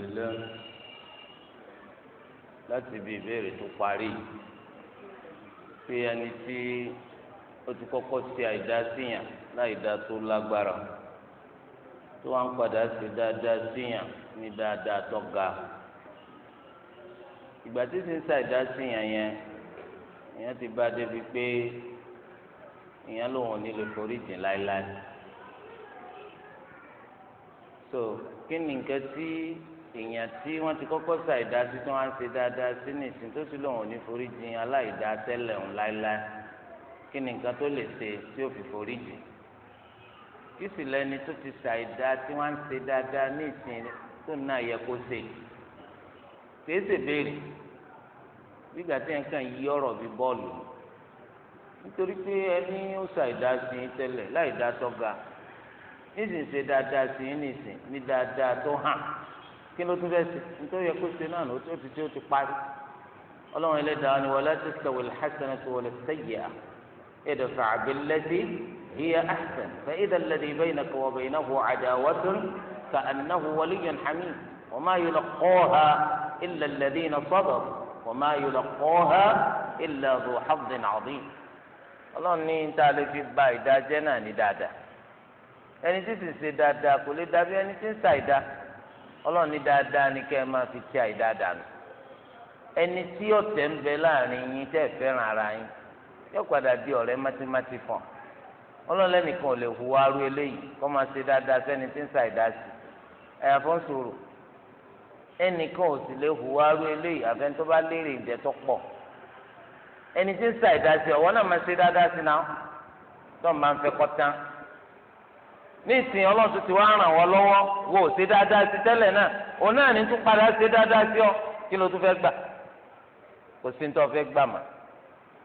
lillah láti ibi ìbéèrè tó parí pé ẹni tí ó ti kọ́kọ́ ṣe àìdá síyàn láìdá tó lágbára tó wá ń padà ṣe dáadáa síyàn ní dáadáa tó ga ìgbà tí ti ń ṣàìdá síyàn yẹn ìyẹn ti bá débi pé ìyẹn lòun ò ní lè forí jìn láéláé so kí ni nǹkan tí èèyàn tí wọ́n ti kọ́kọ́ sa ìdásí tí wọ́n á ṣe dáadáa sí nìsín tó sì lòun ò ní forí jìn aláìdáa tẹ́lẹ̀ òun láéláé kí ni nǹkan tó lè ṣe tí ó fi forí jìn kí sì lẹni tó ti sa ìdá tí wọ́n á ṣe dáadáa ní ìsìn tó náà yẹ kó ṣe kìí béèrè gbígbà tí yẹn kàn yí ọ̀rọ̀ bí bọ́ọ̀lù nítorí pé ẹni ó sa ìdá sí i tẹ́lẹ̀ láìdá tọ́ga nísìnyí ṣe dáadáa sí i nìsín ní dáadáa tó hàn. kí ló tún bẹ́ẹ̀ ṣe nítorí yẹ kó ṣe náà ló tó ti tí ó tó ti ọlọ́run ẹlẹ́dàá ni wala tastawi al-hasanatu wala as-sayyi'atu idfa' billati hiya ahsan fa idha alladhi baynaka wa baynahu 'adawatun ka'annahu waliyyun hamim wa ma yulaqaha illa alladhina sabaru wa ma yulaqaha ilẹ̀ dhu hafdín 'azim ọlọ́run ní tá a lè fi ba ìdájẹ́ náà ní dáadáa ẹni tí ti ṣe dáadáa kò lè dàbí ẹni tí ń ṣàìdáa ọlọ́ọ̀ni dáadáa ni kẹ́ ẹ máa fi ti àìdáadáa nù ẹni tí ọ̀tẹ̀ ń bẹ láàrin yín tẹ́ ẹ fẹ́ràn ara yín yóò padà di ọ̀rẹ́ mátímátí fún ọ ọlọ́ọ̀lẹ́nìkan ò lè hu aró eléyìí kọ́ máa ṣe dáadáa sẹ́ni tí ń ṣàìdáàsì ẹ̀yàfọ́ sòrò ẹnìkan ò sì lè hu aró eléyìí àfẹ́ni tó bá léèrè ìjẹ́ tó pọ̀ ẹni tí ń ṣàìdáàsì ọ̀wọ́ náà máa ṣe dáadáa sí náà tó máa ń fẹ́ kọ́ tán nísìnyí ọlọ́run ti wá ràn wọ́n lọ́wọ́ wò ṣe dáadáa sí tẹ́lẹ̀ náà òun náà ní tún padà ṣe dáadáa sí ọ kí ló tún fẹ́ gbà kò sí ní tó fẹ́ gbà mà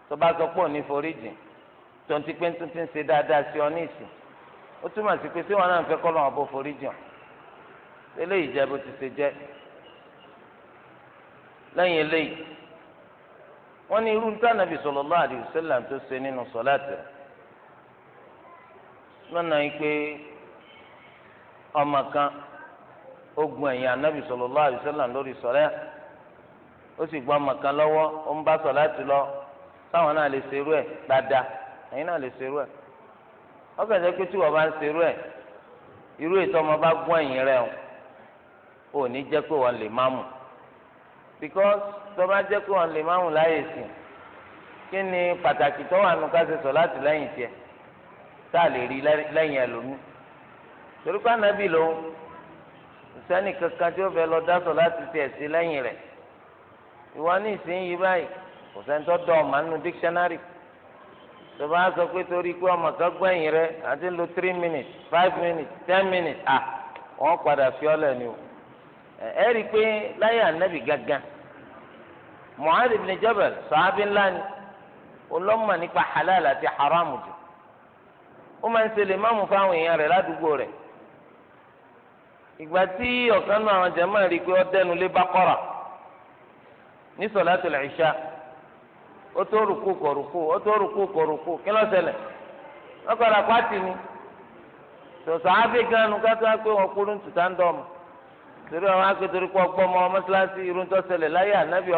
tó bá sọ pé foríjì tó ti pé ti ń ṣe dáadáa sí ọ n'isi. O ó túmọ̀ sí pé náà ń fẹ́ kọ́ lọ́wọ́ bó foríjì eléyìí jẹ́ ti ṣe jẹ́ lẹ́yìn eléyìí wọ́n ní irú ọmọ kan ó gun ẹ̀yìn anabi sallallahu alaihi wasallam lórí sọ̀rẹ́ ó sì gbọ́ ọmọ kan lọ́wọ́ ó ń bá sọ láti lọ táwọn náà lè ṣerú ẹ̀ dáadáa ẹ̀yin náà lè ṣerú ẹ̀ ọkàn jẹ́ pé tí wọ́n bá ń ṣerú ẹ̀ irú ètò ọmọ bá gún ẹ̀yìn rẹ̀ o ò ní jẹ́ pé wọ́n lè máàmù because tó bá jẹ́ pé wọ́n lè máàmù láyè sìn kí ni pàtàkì tó wà nù ká ṣe sọ láti lẹ́yìn tiẹ̀ tá a lè rí lẹ́yìn ẹlòmíì torí pé anabi ló ni kankan tí ó lọ dá láti tiẹ̀ sí lẹ́yìn rẹ̀ ìwọ ní ìsinyìí báyìí kò sẹ́ni dọ̀ ọ̀mà nínú dictionary tó bá sọ pé torí pé ọmọ kan gbẹ̀yìn rẹ̀ àti lo three minutes five minutes ten minutes à wọ́n padà fi ọ́lẹ̀ ni o ẹ rí i pé láyé anabi gangan Mu'adh ibn Jabal sàábì ńlá ni olómọ nípa halal haram jù ó máa ń ṣe lè má mú fáwọn ìgbà tí ọ̀kan náà àwọn jàmáà rí i pé ó dẹnu lé Baqara ní sọ̀látùl Ìṣá ó tó rùkú kọ̀rùkú ó tó rùkú kọ̀rùkú kí ló ṣẹlẹ̀ wọ́n padà pàtì ni sọ̀sọ̀ ábí ganu kátó wá pé wọ́n kúrú tùtà ń dọ̀mù torí ọmọ mọ́sálásí irun tó ṣẹlẹ̀ láyé ànábì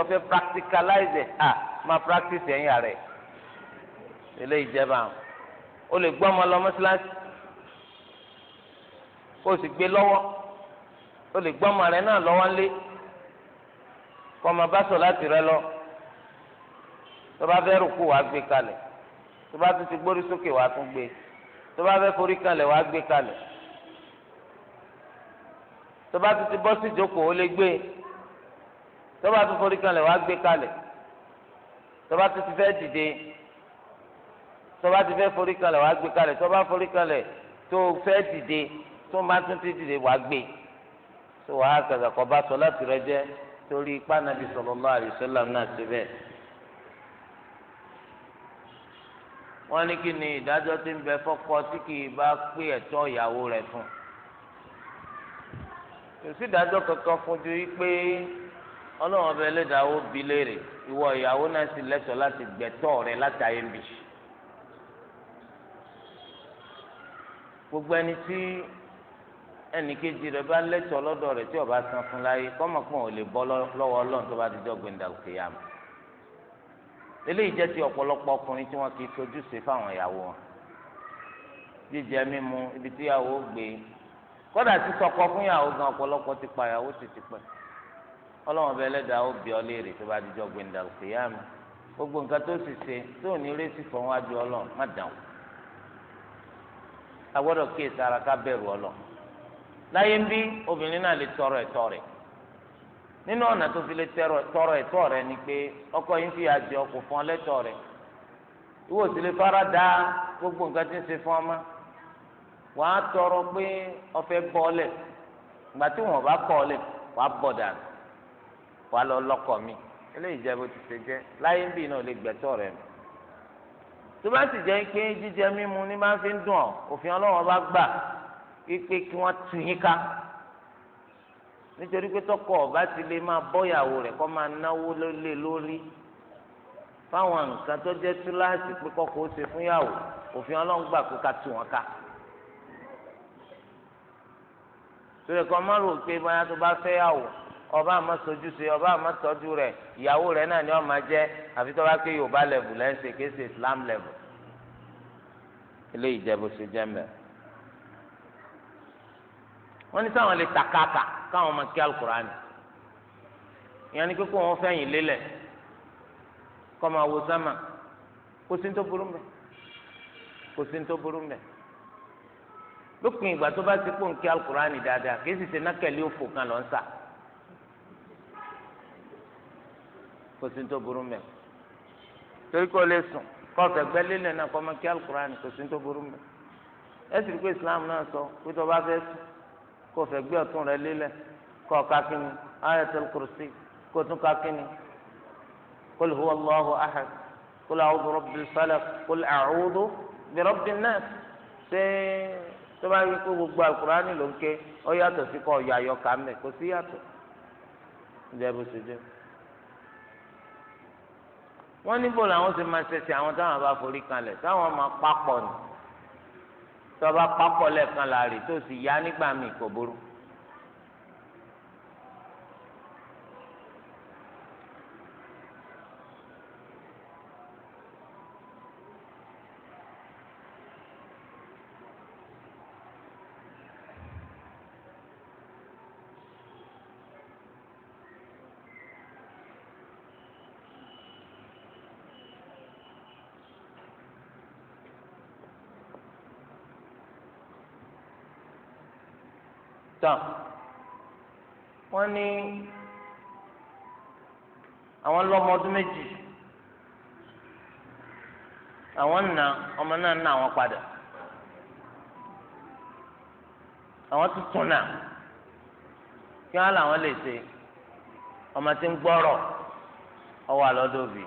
o sì gbé o lè gbọ́ ọmọ rẹ náà lọ́wọ́ ńlé kọ́ ọmọ bá sọ láti rẹ lọ tó bá fẹ́ rúkú wàá gbé kalẹ̀ tó bá tún ti gbórí sókè wàá tún gbé tó bá fẹ́ forí kalẹ̀ wàá gbé kalẹ̀ tó bá tún ti bọ́ sí ìjókòó ó lè gbé tó bá tún forí kalẹ̀ wàá gbé kalẹ̀ tó bá tún ti fẹ́ dìde tó bá ti fẹ́ forí kalẹ̀ wàá gbé kalẹ̀ tó bá forí kalẹ̀ tó fẹ́ dìde tó bá tún ti dìde wàá gbé tó wàá kàkà kọ́ bá sọ láti rẹ jẹ́ torí ipá nàbí sallallahu alaihi wasallam náà ti bẹ́ẹ̀. wọ́n ní kí ni ìdájọ́ ti ń bẹ fọ́kọ tí kì í bá pé ẹ̀tọ́ ìyàwó rẹ̀ fún kò sí kankan fojú yìí pé ọlọ́run ọbẹ̀ ẹlẹ́dàáwó bi léèrè ìwọ ìyàwó náà sì láti ẹnìkejì rẹ̀ bá lẹ́tọ̀ọ́ lọ́dọ̀ rẹ̀ tí ó bá san fún láyé kọ́mọ̀pọ̀ ò lè bọ́ lọ́wọ́ ọlọ́run tó bá ti jọ́ gbẹ̀ndà kìyàm. eléyìí jẹ́ ti ọ̀pọ̀lọpọ̀ ọkùnrin tí wọ́n kì í sojúṣe fáwọn ìyàwó wọn. jíjẹ mímu ibi tí ìyàwó gbé kódà tí sọkọ fún ìyàwó gan ọ̀pọ̀lọpọ̀ ti pa ìyàwó sì ti pẹ́. ọlọ́run ọbẹ̀ ẹlẹ́dàá ó bí ọ léèrè tó bá ti jọ́ gbẹ̀ndà kìyàm. gbogbo nǹkan tó sì ṣe tó ní rẹ́sì fọ́ wájú ọlọ́run má dàn. a gbọ́dọ̀ kíyèsára ká bẹ̀rù láyé ń bí obìnrin náà lè tọrọ ẹ̀tọ́ rẹ̀ nínú ọ̀nà tó fi lè tọrọ ẹ̀tọ́ rẹ̀ ni pé ọkọ yín fi àjẹ ọkọ̀ fún ọ lẹ́tọ̀ rẹ̀ ìwọ sì lè fara da gbogbo nǹkan tí ń ṣe fún ọmọ wàá tọrọ pé ọfẹ bọ́ọ̀lẹ̀ ìgbà tí wọn bá kọ́ọ̀lẹ̀ wàá bọ̀ dànù wàá lọ lọ́kọ mi eléyìí jẹ́ bó ti ṣe jẹ́ láyé ń bí náà lè gbẹ̀tọ́ rẹ̀ nù tó bá sì jẹ́ pé jíjẹ mímu ní máa fi ń dùn ọ́ òfin ọlọ́wọ́n bá gbà wípé kí wọ́n tu yín ká nítorí pé tọkọ ọba ti lè máa bọ́yàwó rẹ̀ kó máa náwó lé lórí fáwọn nǹkan tó jẹ́ túláàsì pé kọ́kọ́ ó ṣe fún yàwó òfin ọlọ́run gbà pé ká tu wọn ká. torí kan má rò pé bóyá tó bá fẹ́ yàwó ọba àmọ́ sojú ṣe ọba àmọ́ tọ́jú rẹ̀ ìyàwó rẹ̀ náà ni ó máa jẹ́ àfi tó bá pé yorùbá lẹ́bù lẹ́ńṣe kìí ṣe islam lẹ́bù. eléyìí jẹ́ bó ṣe jẹ́ mẹ́rin. wọ́n ní sáwọn lè takaka káwọn máa kí alukurani ìyẹn ni pé kó wọn lélẹ̀ máa wo sámà kò sí tó burú mbẹ̀ kò sí tó burú mbẹ̀ lópin ìgbà tó bá ti kó alukurani dáadáa kì í sì ṣe nákẹ́lẹ́ òfò kan lọ́n sà sí tó burú kó fẹ̀gbẹ́ ọ̀tún rẹ lélẹ̀ kó ka kínní ayatul kursi kó tún ka kínní kul huwa allahu ahad kul a'udhu rabbil falaq kul a'udhu bi rabbin nas ṣé tó bá yẹ kó gbogbo alukurani ló ń ké ó yàtọ̀ sí kó ọ̀yọ̀ ayọ̀ kà mẹ́ kó sí yàtọ̀ ǹjẹ́ bó ṣe jẹ́ wọ́n níbo làwọn ti máa ṣẹ̀ṣẹ̀ àwọn táwọn bá forí kalẹ̀ táwọn máa papọ̀ ni tọba pápọ̀ lẹ́ẹ̀kan láàrin tó sì yá nígbà míì kò burú. Pakistan wọ́n ní àwọn lọ́mọ ọdún méjì àwọn nà ọmọ náà nà àwọn padà àwọn tuntun nà kí wọ́n làwọn lè ṣe ọmọ tí ń gbọ́rọ̀ ọwọ́ àlọ́dọ̀ òbí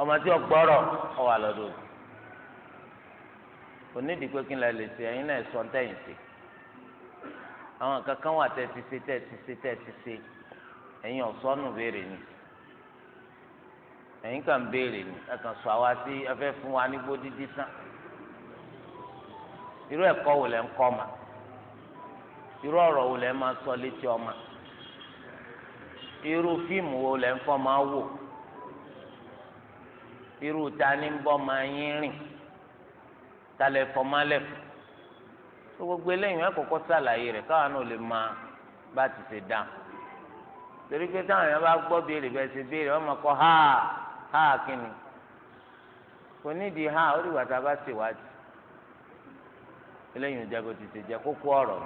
ọmọ tí ó gbọ́rọ̀ ọwọ́ àlọ́dọ̀ òbí onídìí pé kí n lè ṣe ẹ̀yin náà sọ ń tẹ̀yìn sí i. àwọn kankan wà tẹ́ ti ṣe tẹ́ ti ṣe ẹ̀yin ọ̀sọ́nù béèrè ni ẹ̀yin kan béèrè ni sọ àwa sí ẹ fún wa ní gbódídí tán irú ẹ̀kọ́ wo lẹ́ ń kọ́ ma irú ọ̀rọ̀ wo lẹ́ máa sọ létí ọmọ irú fíìmù wo lẹ́ ń máa ta ni ń bọ́ máa yín rìn gbogbo eléyìí wọn kọ́kọ́ ṣàlàyé rẹ̀ káwọn náà lè máa bá ti ṣe dá torí pé táwọn yẹn bá gbọ́ béèrè bẹ́ẹ̀ ṣe béèrè wọn máa kọ́ ha ha kínni kò nídìí ha ó dìgbà tá a bá ṣèwádìí eléyìí ìjẹ́bù ti ṣe jẹ́ kókó ọ̀rọ̀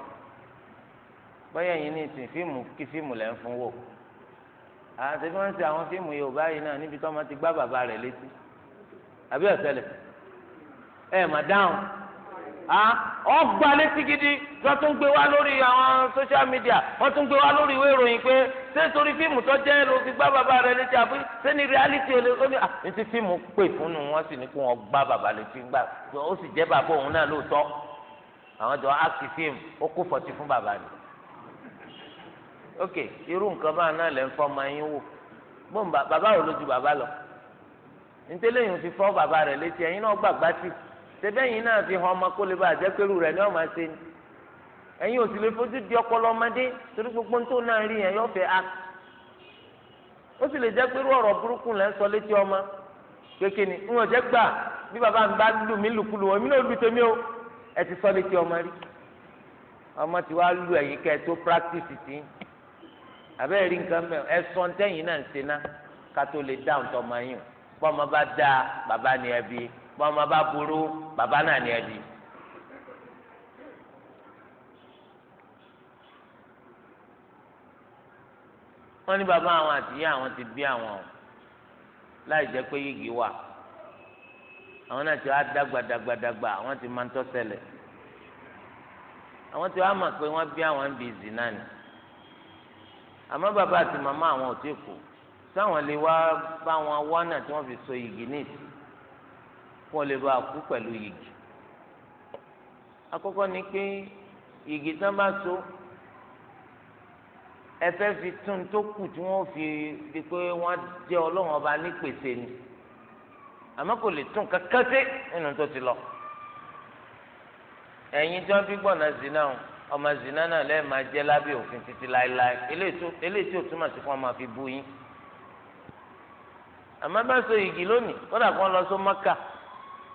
bóyá yìí ní ìsìn fíìmù kí fíìmù lẹ́ ń fún wò àti bí wọ́n ń ṣe àwọn fíìmù Yorùbá yìí náà níbi tí wọ́n ti gbá bàbá rẹ̀ létí àbí ọ̀sẹ̀ lẹ̀ ẹ̀ mà dáhùn ọgbà létí gidi wọ́n tún gbé wá lórí àwọn social media wọ́n tún gbé wá lórí ìwé ìròyìn pé ṣé torí fíìmù tó jẹ́ ló fi gbá bàbá rẹ létí àbí ṣé ní reality olè ó ní à ah, ètí fíìmù pè fún un wọ́n sì ní kó wọ́n gbá bàbá létí gbá ó sì jẹ́ bàbá òun náà lóòótọ́ àwọn jọ áàkì fíìmù ó kó fọ̀tí fún bàbá rẹ. ok irú nǹkan báà náà lẹ́ ń fọ́ ọmọ yín wò bọ́n bàbá rẹ lójú bàbá lọ ntẹ́lẹ́yìn ti fọ́ bàbá rẹ létí ẹ̀yin náà gbàgbá tì sẹ́bẹ̀yìn náà fi hàn ọmọ kó lè bá àjẹpẹ́rù rẹ ní ọmọ ṣe ni ẹ̀yin ò sì lè fojú ọmọdé torí gbogbo tó náà rí yẹn yọ ak ó sì lè jẹ́ pé irú burúkú ń sọ létí ọmọ ni ń gbà bí bàbá mi bá lù ọmọ rí ọmọ tí wàá lù tó practice ti rí nǹkan ẹ sọ náà o bá dáa bàbá ni ọmọ bá burú bàbá náà ni ẹ di. wọ́n ní bàbá àwọn àtìyá àwọn ti bí àwọn láì jẹ́ pé yìgì wà àwọn náà ti wá dàgbàdàgbàdàgbà àwọn ti máa ń tọ́sẹ̀lẹ̀ àwọn ti wá mọ̀ pé wọ́n bí àwọn ń bi ìzì náà ni àmọ́ bàbá àti màmá àwọn ò tí kù sáwọn lè wá bá wọn wọ́nà tí wọ́n fi so yìgì ní ìsìn wọn lè ba kú pẹ̀lú yìgì àkọ́kọ́ ni pé yìgì tán bá so ẹ fẹ́ fi tún tó kù tí wọ́n fi di pé wọ́n jẹ́ ọlọ́run ọba nípèsè ni àmọ́ kò lè tún kankan sí nínú tó ti lọ ẹ̀yin tí wọ́n fi gbọ̀nà zina o ọmọ zina náà lẹ́ẹ̀ máa jẹ́ lábẹ́ òfin títí láéláé eléyìí tí túmọ̀ sí fún ọmọ àfi bú yín àmọ́ bá so yìgì lónìí kódà kó lọ so mọ́kà. So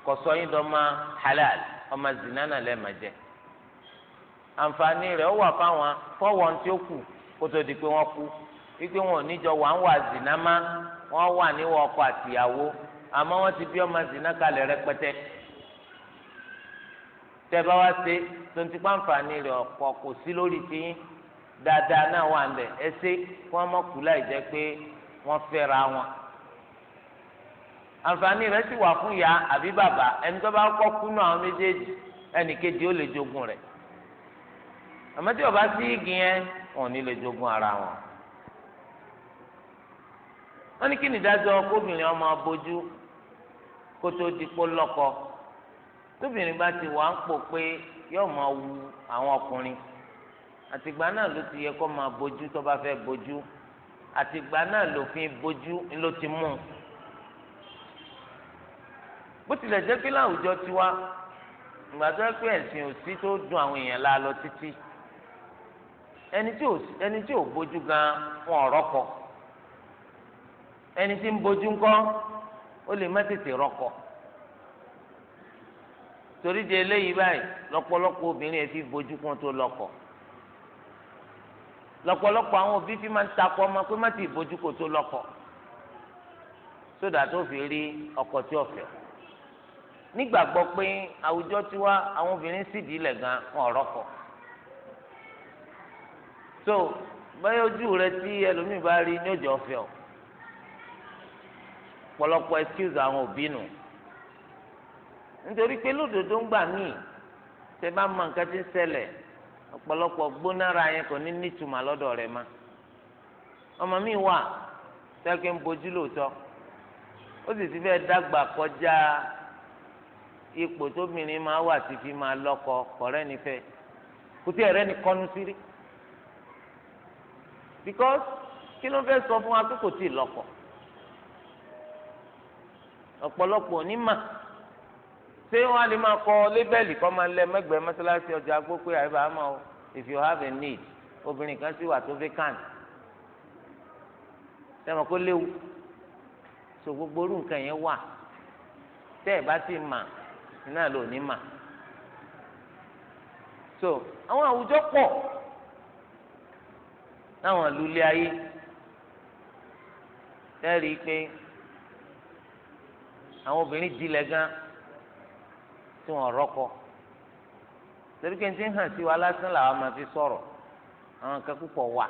kọsọ yín dọmọ halal ọmọ zinana lẹẹma jẹ àǹfààní rẹ̀ ó wà fáwọn fọwọn tí ó kù kó tó di pé wọ́n kú wípé wọn ò níjọ wà ń wà zina má wọ́n wà níwọ ọkọ àtìyàwó àmọ́ wọ́n ti bí ọmọ zina kalẹ̀ rẹpẹtẹ tẹ́ bá wá ṣe tonti pàǹfààní rẹ̀ ọ̀pọ̀ kò sí lórí tiyín dáadáa náà wà ń bẹ ẹ ṣe kí wọ́n mọ kú láì jẹ́ pé wọ́n fẹ́ra wọn àǹfààní rẹ̀ sì wà fún ìyá àbí bàbá ẹni tó bá kọ́ kúnú àwọn méjèèjì ẹnì kejì ó lè jogún rẹ̀ àmọ́ tí ọba sí igi yẹn wọn ò ní lè jogún ara wọn. wọ́n ní kí ni ìdájọ́ kóbìnrin ọmọ abojú kó tó di pó lọ́kọ tóbìnrin bá ti wà ń pò pé yóò máa wu àwọn ọkùnrin àtìgbà náà ló ti yẹ kó máa bojú tó bá fẹ́ bojú àtìgbà náà lòfin bojú ló ti mú un bó tilẹ̀ jẹ́ pé láwùjọ tiwa ìgbà tó yẹ pé ẹ̀sìn òsì tó dùn àwọn èèyàn la lọ títí ẹni tí ò bójú gan fún ọ̀rọ̀ kọ ẹni tí ń bójú ńkọ́ ó lè má tètè rọkọ torí di eléyìí báyìí lọ́pọ̀lọpọ̀ obìnrin ẹ fi bójú kún tó lọ́kọ lọ́pọ̀lọpọ̀ àwọn òbí fi máa ń takọ ọmọ pé má ti bójú kó tó lọ́kọ sódà tó fi rí ọkọ tí ọfẹ nígbàgbọ́ pé àwùjọ tiwa àwọn obìnrin sì di ilẹ̀ gan wọn ọ̀rọ̀ so báyọ̀ ojú rẹ tí ẹlòmíì bá rí ní òjò ọ̀fẹ́ ọ̀ pọ̀lọpọ̀ excuse àwọn òbí nù nítorí pé lódodo ń gbà míì tẹ bá mọ nǹkan tí ń ṣẹlẹ̀ ọ̀pọ̀lọpọ̀ gbónára yẹn kò ní nítumọ̀ lọ́dọ̀ rẹ̀ ma ọmọ mi wà tẹ́kẹ́ ń bojú lóòótọ́ ó sì ti fẹ́ dàgbà kọjá ipò tóbìnrin máa wà tí fi máa lọ́kọ kọ̀rẹ́ nífẹ̀ kò tí ni kọ́nu sí rí because kí ló fẹ́ sọ fún wa pé kò tí ì lọ́kọ ọ̀pọ̀lọpọ̀ onímà ṣé wọ́n á lè máa kọ lébẹ́lì kọ́ máa lẹ mẹ́gbẹ̀ẹ́ mọ́ṣáláṣí ọjà agbó pé àyíbá àmọ́ if you have a need obìnrin kan sì wà tó vacant sẹ́wọ̀n kó léwu so gbogbo orú nǹkan yẹn wà tẹ́ ẹ̀ bá ti mà náà ló ní mà so àwọn àwùjọ pọ láwọn lulẹ̀ ayé tẹ́rì pé àwọn obìnrin dilẹ̀ gan tí wọ́n rọ́kọ torí pé ní ti ń hàn sí wa lásán làwọn máa fi sọ̀rọ̀ àwọn kan púpọ̀ wà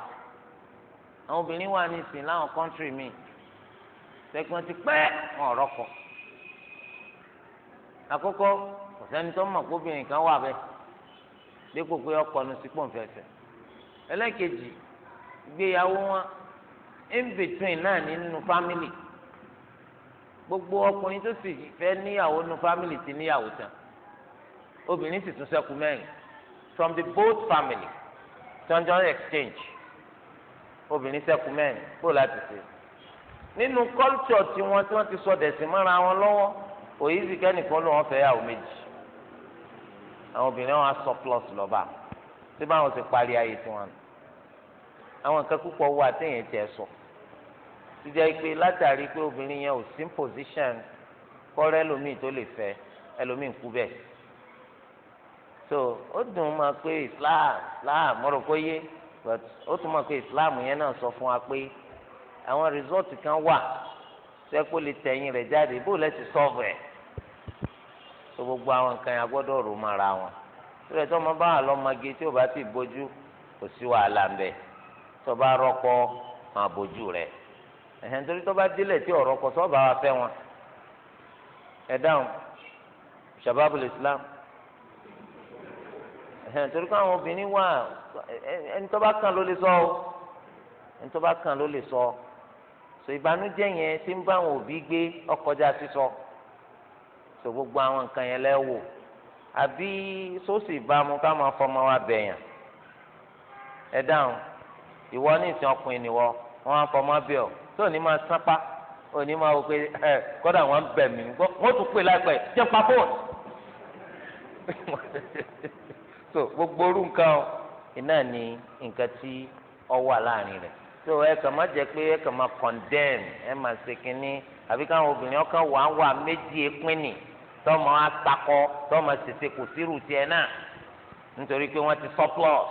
àwọn obìnrin wà nísìnyí láwọn kọ́ńtírì míì tẹ́gbọ́n ti pẹ́ wọ́n rọ́kọ. àkọ́kọ́ kò sẹ́ni tó mọ̀ kóbìnrin kan wà bẹ́ẹ̀ dípò pé ọkọ nu sí pọ̀nfẹ̀sẹ̀ ẹlẹ́kejì ìgbéyàwó wọn in between náà nínú fámìlì gbogbo ọkùnrin tó sì fẹ́ níyàwó nu fámìlì ti níyàwó tán obìnrin sì tún ṣẹ́kù mẹ́rin from the both family tọ́jọ́ exchange obìnrin ṣẹ́kù mẹ́rin kó láti ṣe nínú culture tiwọn tí wọ́n ti sọ dẹ̀sìn mọ́ra wọn lọ́wọ́ òyìn sì kẹ́nìkan ló wọ́n fẹ́ yàwó méjì àwọn obìnrin wọn á sọ plus lọ́ba tí báwọn ti parí ayé tiwọn àwọn nǹkan púpọ̀ wọ àtẹ̀yìn tiẹ̀ sọ ti jẹ́ pé látàrí pé obìnrin yẹn ò sí position kọ́rẹ́ ẹlòmíì tó lè fẹ́ ẹlòmíì kú bẹ́ẹ̀ so ó dùn máa pé Islam Islam mọ̀rọ̀ kó yé but ó tún máa pé Islam yẹn náà sọ fún wa pé àwọn result kan wà sẹ́kó lè tẹ̀yìn rẹ̀ jáde bó lẹ́sì sọ́ọ̀bù ẹ̀ tó gbogbo àwọn nǹkan yẹn agbọ́dọ̀ rò mọ́ ara wọn tó lẹ́ tó ma bá wà lọ́mọge tí o bá ti bójú kò sí wàhálà ń bẹ̀ tó bá rọ́kọ máa bójú rẹ̀ ẹ̀hẹ́n torí tó bá délẹ̀ tí ọ̀rọ̀ kọ sọ́ọ̀bù àwa fẹ́ wọn ẹ̀ dáhùn shababul islam ẹ̀hẹ́n torí káwọn obìnrin wà ẹni tó bá kàn ló lè sọ ẹni tó bá kàn ló lè sọ so ìbànújẹ́ yẹn tí ń bá àwọn òbí gbé ọkọjá sísọ so gbogbo àwọn nǹkan yẹn lẹ́wọ̀ àbí sóòsì ìbámu ká máa fọmọ wa bẹ̀yàn ẹ dáhùn ìwọ ní ìsìn ọkùnrin nìwọ wọn á fọmọ bí ọ tó ní máa sápá ò ní máa wò pé ẹ kọ́dà wọn bẹ̀ mí wọ́n tún pè láìpẹ́ jẹ́ pa so gbogbo orú nǹkan iná ni nǹkan tí ọ wà rẹ̀. so ẹ kàn má jẹ pé ẹ kàn má condemn ẹ má ṣe kínní àbí káwọn obìnrin ọkàn wà wà méjì tọmọ atakọ tọmọ ṣèṣe kò sírù tiẹ náà ti surplus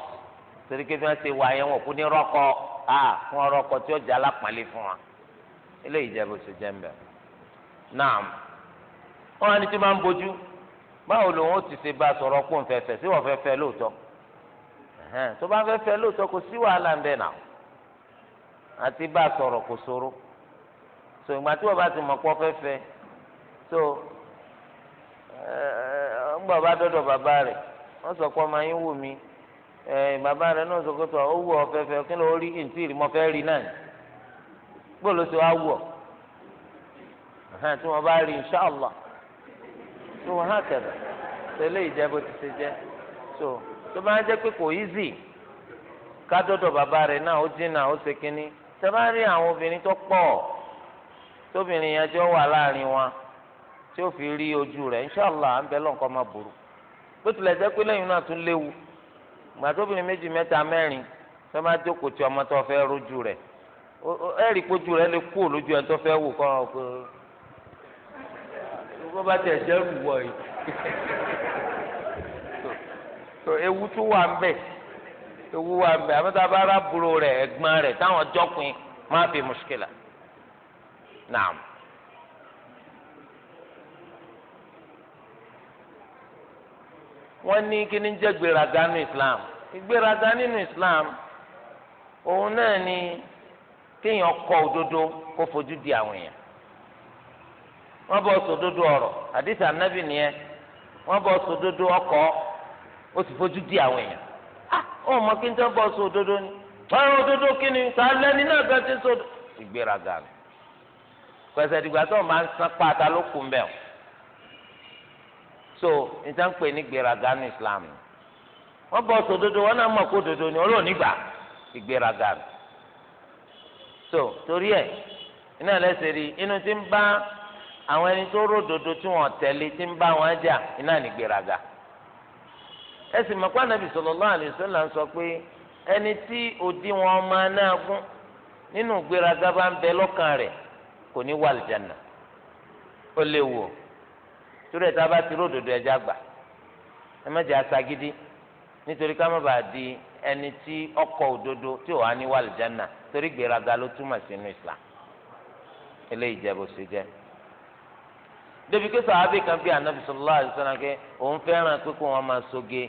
torí pé wọn ti wà yẹn wọn rọkọ a fún ọrọkọ tí ó jẹ alápàlẹ fún wa eléyìí jẹ bó ṣe jẹ ń bẹ náà wọn tí wọn ń bójú báwo ó ti ṣe bá a kó n sí wọn àti bá a sọ̀rọ̀ kò so ìgbà tí wọ́n bá ti mọ̀ pọ́ fẹ́fẹ́ so ọgbà bá dọ́dọ̀ bàbá rẹ̀ wọ́n sọ pé ọmọ yín wù mí bàbá rẹ̀ náà sọ pé ó wù ọ fẹ́fẹ́ kí ló rí ntí rí mọ́ fẹ́ rí náà ni ló sọ wá wù ọ tí wọ́n bá rí inṣàlá tó wọ́n so tó bá jẹ́ pé easy ká dọ́dọ̀ bàbá rẹ̀ náà ó dín náà ó tẹ́bá rí àwọn obìnrin tó pọ̀ tóbìnrin yẹn tí ó wà láàrin wọn tí ó fi rí ojú rẹ̀ inṣàlá à ń bẹ lọ́nkọ́ máa burú bó tilẹ̀ jẹ́ pé lẹ́yìn náà tún léwu gbà tóbìnrin méjì mẹ́ta mẹ́rin tó máa jókòó tí ọmọ tó fẹ́ rójú rẹ̀ ẹ̀rí pójú rẹ̀ lè kú lójú ẹ̀ tó fẹ́ wò kọ́ ọ pé gbogbo bá tẹ̀ ṣẹ́rù wọ̀ yìí ewu tún wà ń bẹ̀. ewu wa ń bẹ àbẹ́tà bá rábúrò rẹ̀ ẹ̀gbọ́n táwọn má fi mùsùkìlà naam. wọ́n ní kí ni jẹ́ gbéraga nínú Islam ìgbéraga nínú Islam òun náà ni kéèyàn kọ òdodo kó fojú di àwọn èèyàn wọ́n bọ̀ sòdodo ọ̀rọ̀ àdìsí ànábì nìyẹn wọ́n bọ̀ sòdodo ọkọ̀ ó sì fojú di Ọ mọ kí n tẹ́ bọ́ sọ òdodo ni báyọ̀ òdodo kí ni ta lẹ́ni náà ti sọ ìgbéraga mi pẹ̀sẹ̀ dìgbà tó máa ń so n tẹ́ ń pè ní ìgbéraga ní Islam wọ́n bọ́ sọ òdodo wọn náà kó ni so torí iná rí inú ti ń bá àwọn ẹni tó tí ti ń bá wọn jà iná ẹsìn mọ̀kọ́ ànábì sallallahu sọ pé ẹni tí òdiwọ̀n ọmọ náà gún nínú ìgbéraga bá ń bẹ lọ́kàn rẹ̀ kò ní wà lìjànà ó o torí ẹ̀ tá bá ti ródòdó ẹja gbà ẹ má jẹ́ asagídí nítorí ká má bàa di ẹni tí ọkọ̀ òdodo tí ò wá ní wà lìjànà torí ìgbéraga ló túmọ̀ sínú Islam eléyìí jẹ́ bó ṣe jẹ́ débi soge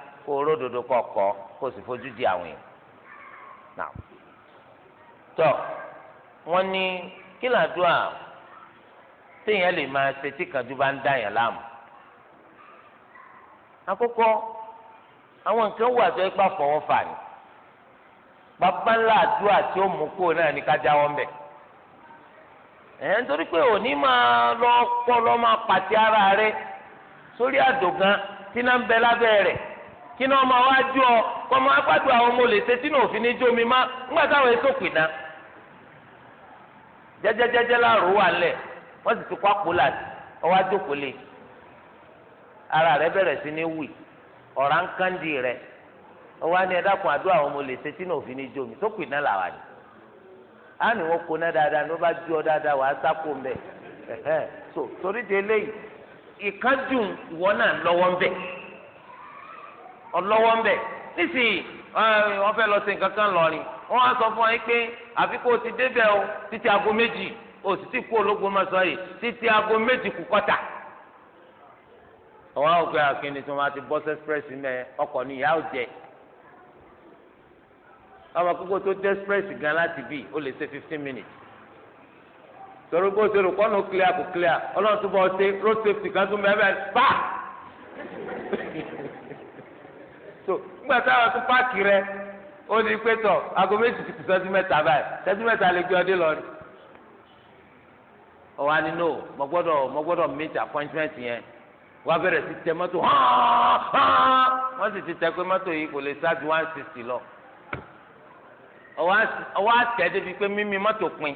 kó o ródòdó kọ̀ọ̀kọ́ kó o sì fojú di àwọn èèyàn. Náà tọ́ wọ́n ní kí téèyàn lè máa ṣe tí bá ń dá yàn láàmú. Àkọ́kọ́ àwọn nǹkan wà tó ipá fọwọ́ fà ní. Bàbá ńlá àdúrà tí ó mú kó náà ní lọ ara rẹ sórí àdògán tí náà ń bẹ kí ni ọmọ wa jọ ọ ọmọ agbádùn àwọn ọmọ olèṣe tí náà òfin ní jó mi má ńgbà táwọn èso pè ná jẹjẹjẹjẹ láàrú wà lẹ wọn sì ti kó àpò láti ọwọ àjòkó lè ara rẹ bẹ̀rẹ̀ sí ní wì ọ̀rá ń kándì rẹ ọwọ àni ẹdákun àdúrà àwọn ọmọ olèṣe tí náà òfin ní mi tó ná làwà ni á ní wọn kó ná dáadáa ní wọn bá jó ọ dáadáa wàá sáko mbẹ so torí de eléyìí ìkánjú ìwọ náà lọ́wọ́ mbẹ ọlọ́wọ́ ńbẹ nísìnyí wọ́n fẹ́ lọ sí nǹkan kan lọ́rin wọ́n á sọ fún ẹ pé àfi kó o ti débẹ̀ o títí aago méjì o sì ti kú ológun máa sọ yìí títí aago méjì kù kọ́tà. àwọn àwọn òkè àkínní tí wọ́n ti bọ́ sẹ́sprẹ́sì mẹ́ ọkọ̀ ni ìyá ò jẹ. ọmọ kókó tó dé sẹ́sprẹ́sì gan láti bì ó lè ṣe fifteen minutes. torí bó ṣe rò kọ́nù clear kò clear ọlọ́run túbọ̀ ṣe road safety kan tún bẹ́ẹ̀ bá. nígbà táwọn tún páàkì rẹ ó ní pé tọ aago méjì ti kù sọ́jú mẹ́ta báyìí sọ́jú mẹ́ta lè gbé ọdẹ lọ́rí. ọ̀wá ni no mo gbọ́dọ̀ mo gbọ́dọ̀ meet appointment yẹn wọ́n bẹ̀rẹ̀ sí tẹ mọ́tò hàn hàn wọ́n sì ti tẹ pé mọ́tò yìí kò lè ṣáájú one sixty lọ. ọ̀wá tẹ̀ débi pé mímí mọ́tò pin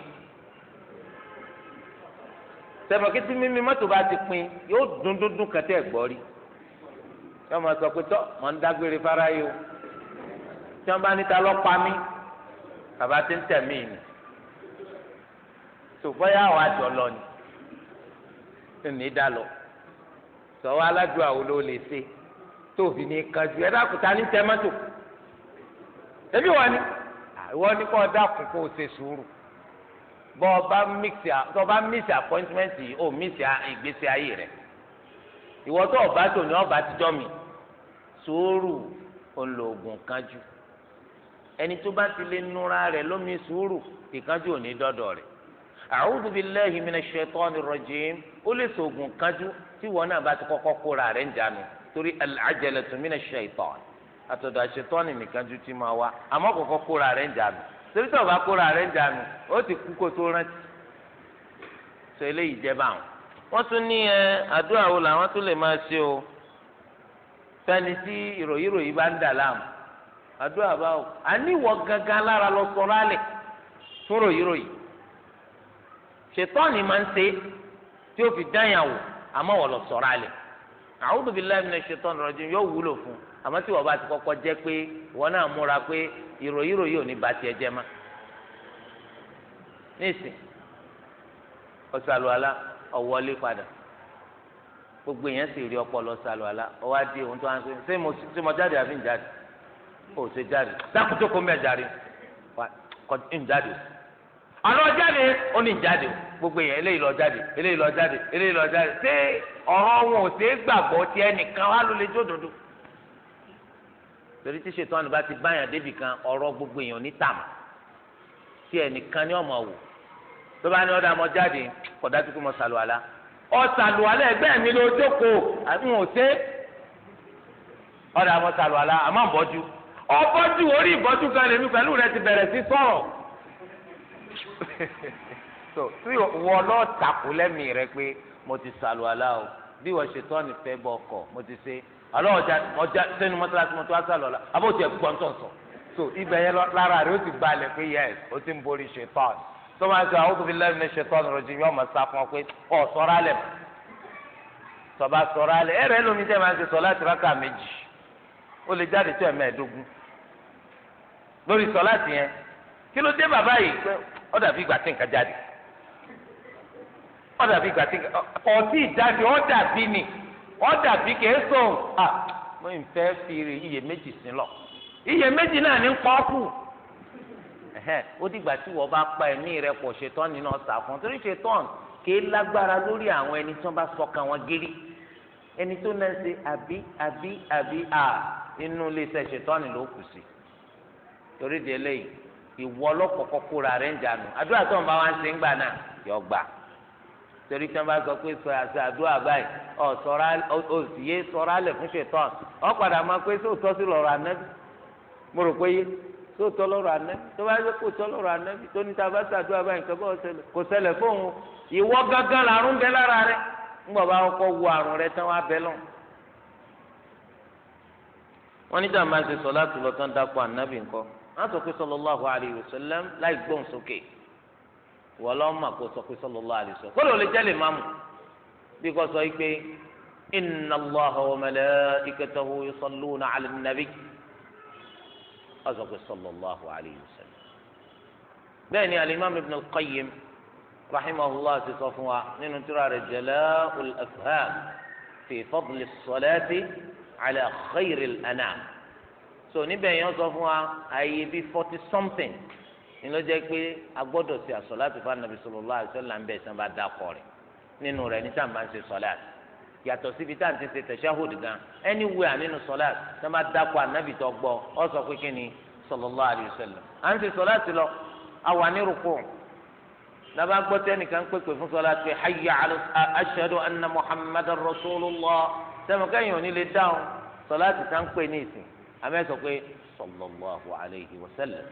sẹ́fọ̀kì tí mímí mọ́tò bá ti pin yóò dún dúndún kẹtẹ́ ẹ̀gbọ́n rí yọ máa sọ pé tọ́ mọ̀ ń dágbére fara yìí o tí wọ́n bá níta lọ pa mí bàbá ti ń tẹ̀mí ni tó bọ́yá àwọn àjọ lọ ni ní dá lọ sọ̀wọ́ aládùn àwọn ló lè ṣe tóbi ní kanjú ẹ dákúta ní tẹ́mọ́tò ẹbí wọn ni àwọn ní kò dákun kó o ṣe sùúrù bọ́ ọ mix appointment yìí ó mix ìgbésí ayé rẹ̀ ìwọ tó ọba tó ní ọba tíjọ́ mi sùúrù olóògùn kánjú ẹni tó bá ti lè nura rẹ̀ lómi sùúrù ìkánjú ò ní dọ́dọ̀ rẹ̀ a'udhu billahi minash shaitani rajim ó lè sògùn kánjú tí wọn náà bá ti kọ́kọ́ kóra rẹ̀ ń jánu torí al-ajalatu minash shaitani àtọ̀dọ̀ àṣetọ́ni nìkanjú ti máa wá àmọ́ kọ́kọ́ kóra rẹ̀ ń jánu torí tó ọba kóra rẹ̀ ń jánu ó ti kú kó tó rántí sọ eléyìí jẹ́ báwọn. wọ́n tún ní ẹ àdúrà wo làwọn tún lè máa ṣe o fẹ́ni tí ìròyìn ìròyìn bá ń dà láàmú àdúrà báwo àníwọ̀ gangan lára lọ sọ rálẹ̀ fún ròyìn ròyìn ṣètọ́ni máa ń ṣe tí ó fi dáyà wò àmọ́ wọ́n lọ sọ rálẹ̀ yóò wúlò fún àmọ́ tí wọ́n bá ti kọ́kọ́ jẹ́ pé wọ́n náà múra pé ìròyìn ìròyìn ò ọ̀wọ́lé padà gbogbo èèyàn sì rí ọpọlọ sàlùwàlà Ala, adé ohun tó wá ń ṣé mo ṣé jáde àbí ń jáde ó ṣe jáde dákútó kó mẹ jáde kọ́ jáde àlọ́ jáde ó ní ń jáde gbogbo èèyàn eléyìí lọ jáde eléyìí lọ jáde eléyìí lọ jáde ṣé ọ̀rọ̀ wọn ò gbàgbọ́ tí ẹnìkan ti báyàn débì kan gbogbo èèyàn tó bá ní ọ̀dà mọ́ jáde kò dájú pé mo sàlùwàlà ọ sàlùwàlà ẹgbẹ́ mi ló jókòó àbí wọn ò sé ọ̀dà mọ́ sàlùwàlà àmọ́ bọ́jú ọbọ́jú orí ìbọ́jú kan lèmi pẹ̀lú rẹ ti bẹ̀rẹ̀ sí sọ̀rọ̀ so tí wọ́n lọ tàkú lẹ́mìí rẹ pé mo ti sàlùwàlà o bí wọ́n ṣe tọ́ nífẹ̀ẹ́ bọ́ ọkọ̀ mo ti ṣe àlọ́ ọjà ọjà sẹ́nu mọ́tàlásí mo tó wá sàlùwàlà àbótiẹ̀ gbọ́ntọ̀sọ̀ so ibẹ̀ yẹn lára rẹ ó ti balẹ̀ pé yes ó ti ń borí ṣe tọ́ọ̀sì. tó ń sọ àwọn tóbi lẹ́nu ṣe tọ́nu rẹ̀ jù ọmọ sá ọ pé ọ sọ̀rọ̀ alẹ̀ sọba sọ̀rọ̀ alẹ̀ ẹ̀rẹ́ lómi tẹ́ máa ń ṣe sọ láti rákà méjì ó lè jáde tó lórí sọ láti yẹn kí ló dé bàbá yìí pé ọ dàbí ìgbà tí jáde ọ dàbí ìgbà tí ọtí ọ dàbí ni ọ dàbí ah, mo ń fẹ́ fi iyèméjì iyèméjì náà ní ẹ̀hẹ́n ó dìgbà tí wọ́n bá pa ẹ̀mí rẹ pọ̀ ṣetán nínú ọ̀sà fún torí ṣetán kìí lágbára lórí àwọn ẹni tí wọ́n bá sọkàn wọn gírí ẹni tó náà ṣe àbí àbí àbí à inú iléeṣẹ́ ṣetán ló kù sí torí di eléyìí ìwọ ọlọ́kọ̀ọ́kọ́ kóra rẹ̀ ń jànú àdúrà tó ń bá wá ń ṣe ń gbà náà yọ gbà torí tí wọn bá sọ pé sọ àṣà àdúrà báyìí ọ sọra ọ sì yé sọra alẹ fún ṣètọ ọ padà máa pé sóòótọ́ sí lọ́rọ̀ tó tọlọ́rọ̀ àná tó bá yẹ kó tọlọ́rọ̀ àná tó ní ta bá ṣàdúrà báyìí nǹkan bá ṣẹlẹ̀ kò ṣẹlẹ̀ fóun ìwọ gángan làrún bẹ lára rẹ ńgbọ bá kọ wo àrùn rẹ tán wá bẹ lọ. wọn ní jàmbá ṣe sọ láti lọ tán dápọ ànábì ńkọ wọn sọ pé sallallahu alaihi láì sókè wọn lọ mà kó sọ pé sọ yìí pé inna ọ̀sọ̀kù sallallahu alayhi wa sallam. bẹ́ẹ̀ ni alimami ibn al-qayyim rahimahullah ti sọ fún wa nínú tírà rẹ̀ jala'ul afham fi fadli as-salati ala khayril anam. so níbẹ̀ yẹn sọ fún wa ayé bíi forty something ni ló jẹ́ pé a gbọ́dọ̀ ṣe àsọ̀láàtì fún anabi sallallahu alayhi wa sallam bẹ́ẹ̀ sàn bá dákọ̀ rẹ̀ nínú rẹ̀ níta máa ń ṣe sọ̀láàtì yàtọ̀ síbi tá à ń ti ṣe tashahhud gan anywhere nínú sọlá tó máa dákọ̀ ànábì tó gbọ́ ọ sọ pé kí ni sallallahu alaihi wasallam à ń ṣe sọlá ti lọ àwa ní rúkú nàbà gbọ́ tẹ́nìkan pépè fún sọlá pé hayya ala ashhadu anna muhammadan rasulullah sẹ́mi kẹ́yìn òní lè dáhùn sọlá ti tán pé ní ìsìn àmẹ́ sọ pé sallallahu alaihi wasallam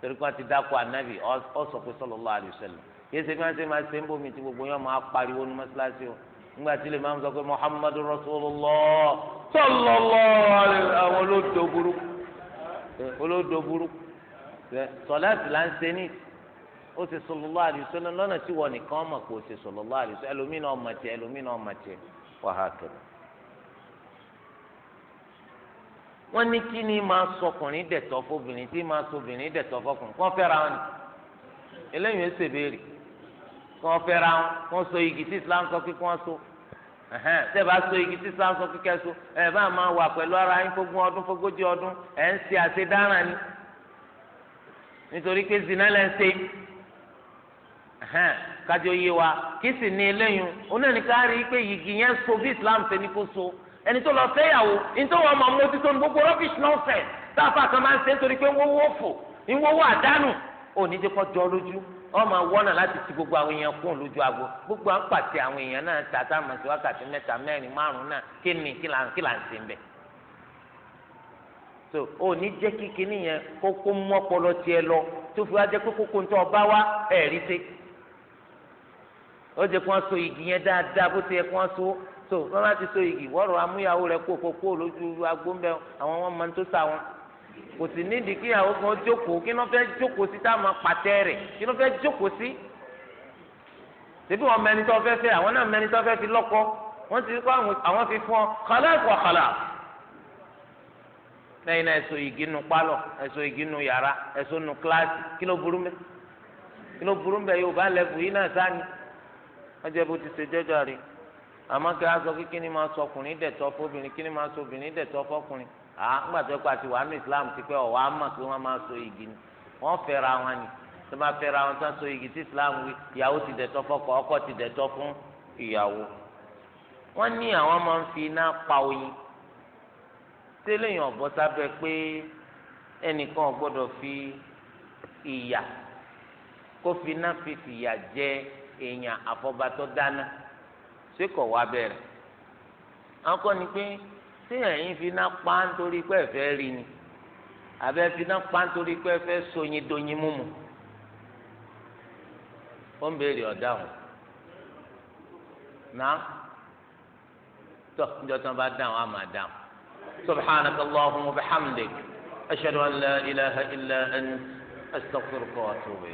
torí kan ti dákọ̀ ànábì ọ sọ pé sallallahu alaihi wasallam yéé ṣe fi hàn ṣe máa ṣe ń bómi tí gbogbo yẹn máa pariwo ní mọ́ṣáláṣí o nígbà tí lè máa ń sọ pé muhammadu rasulullah sallallahu alaihi àwọn olódò burúkú olódò burúkú sọláàtì là ń ṣe ní ó ti sallallahu alaihi wasallam lọ́nà tí wọ́n nìkan mọ̀ pé ó ti sallallahu alaihi wasallam ẹlòmínà ọmọ tiẹ̀ ẹlòmínà ọmọ tiẹ̀ wàhálà kẹlẹ́. wọ́n ní kí ni máa sọkùnrin dẹ̀tọ̀ fóbìnrin tí máa sọbìnrin dẹ̀tọ̀ fọkùnrin kọ́ fẹ́ra wọn ni eléyìí ń ṣèbéèrè kí wọ́n fẹ́ra wọn kí so igi tí islam sọ pé kí wọ́n so tẹ́ bá so igi tí islam sọ pé kẹ́ so ẹ bá máa wà pẹ̀lú ara yín fógún ọdún fógójì ọdún ẹ̀ ń ṣe àṣedáràn ni nítorí pé zina lẹ́ ń ṣe kájọ yé wa kí sì ní eléyìí onáníkà rí i pé igi yẹn so bí islam ṣe ní kó so ẹni tó lọ fẹ́yàwó ní tó wọn mọ̀ mójútó ní gbogbo rubbish nonsense táàpá kan máa ń ṣe nítorí pé ń wọ́wọ́ fò ń wọ́wọ́ wọn máa wọ́nà láti ti gbogbo àwọn èèyàn kún lójú agbo gbogbo à ń pàṣẹ àwọn èèyàn náà ta tá wákàtí mẹ́ta mẹ́rin márùn náà kí ni kí là ń kí là ń sìn bẹ́ẹ̀. so ò ní jẹ́ kí kinní yẹn kókó mú ọpọlọ tiẹ̀ lọ tó fi wá jẹ́ pé kókó ń tọ́ ọba wá ẹ̀rí sí. ó jẹ́ kí wọ́n so igi yẹn dáadáa bó ti yẹ kí wọ́n so so wọ́n bá ti so igi wọ́rọ̀ amúyàwó rẹ̀ kó kó lójú agbo ń bẹ àwọn wọn kò sì nídìí kí àwọn kan jókòó kí wọ́n fẹ́ jókòó sí táwọn pàtẹ rẹ̀ kí wọ́n fẹ́ jókòó sí. ṣebí wọn mẹni tó fẹ́ fẹ́ àwọn náà mẹni tó fẹ́ fi lọ́kọ wọ́n ti kọ́ àwọn fi fún ọ kàlá ẹ̀kọ́ kàlá. lẹ́yìn náà ẹ̀sọ́ igi nu pálọ̀ ẹ̀sọ́ igi nu yàrá ẹ̀sọ́ nu kíláàsì kí ló burú mbẹ́ kí ló burú mbẹ́ yóò bá lẹ́bù yìí náà sáni wọ́n jẹ́ bó ti ṣe jọ́jọ́ rí àmọ́ kí wọ́n á sọ kí kí ni máa sọ ọkùnrin dẹ̀tọ́ fóbìnrin kí ni máa sọ obìnrin dẹ̀tọ́ fọkùnrin à ńgbà tó pa ti islam ti pẹ́ ọ̀wá mọ̀ pé wọ́n máa so igi ni wọ́n fẹ́ra wọn ni tó máa fẹ́ra wọn tó so igi tí islam wí ìyàwó ti dẹ̀tọ́ fọ́kọ ọkọ ti dẹ̀tọ́ fún ìyàwó. wọ́n ní àwọn máa ń fi iná pa oyin tẹ́lẹ̀ yàn sábẹ́ pé ẹnìkan gbọ́dọ̀ fi ìyà kó fi iná fi fìyà jẹ èèyàn àfọ̀bàtọ́ dáná ṣé kọ̀ wá bẹ̀rẹ̀ àwọn kọ́ ni pé tí ẹ̀yin fi ná pa nítorí pé ẹ̀fẹ́ rí ni àbẹ́ fi ná pa nítorí pé ẹ̀fẹ́ sonyin donyin mú mu ó ń béèrè ọ̀dà wọn náà tọ́ níjọ́ tí wọ́n bá dáhùn á máa dáhùn subhanaka allahumma wa bihamdik ashhadu an la ilaha illa ant astaghfiruka wa atubu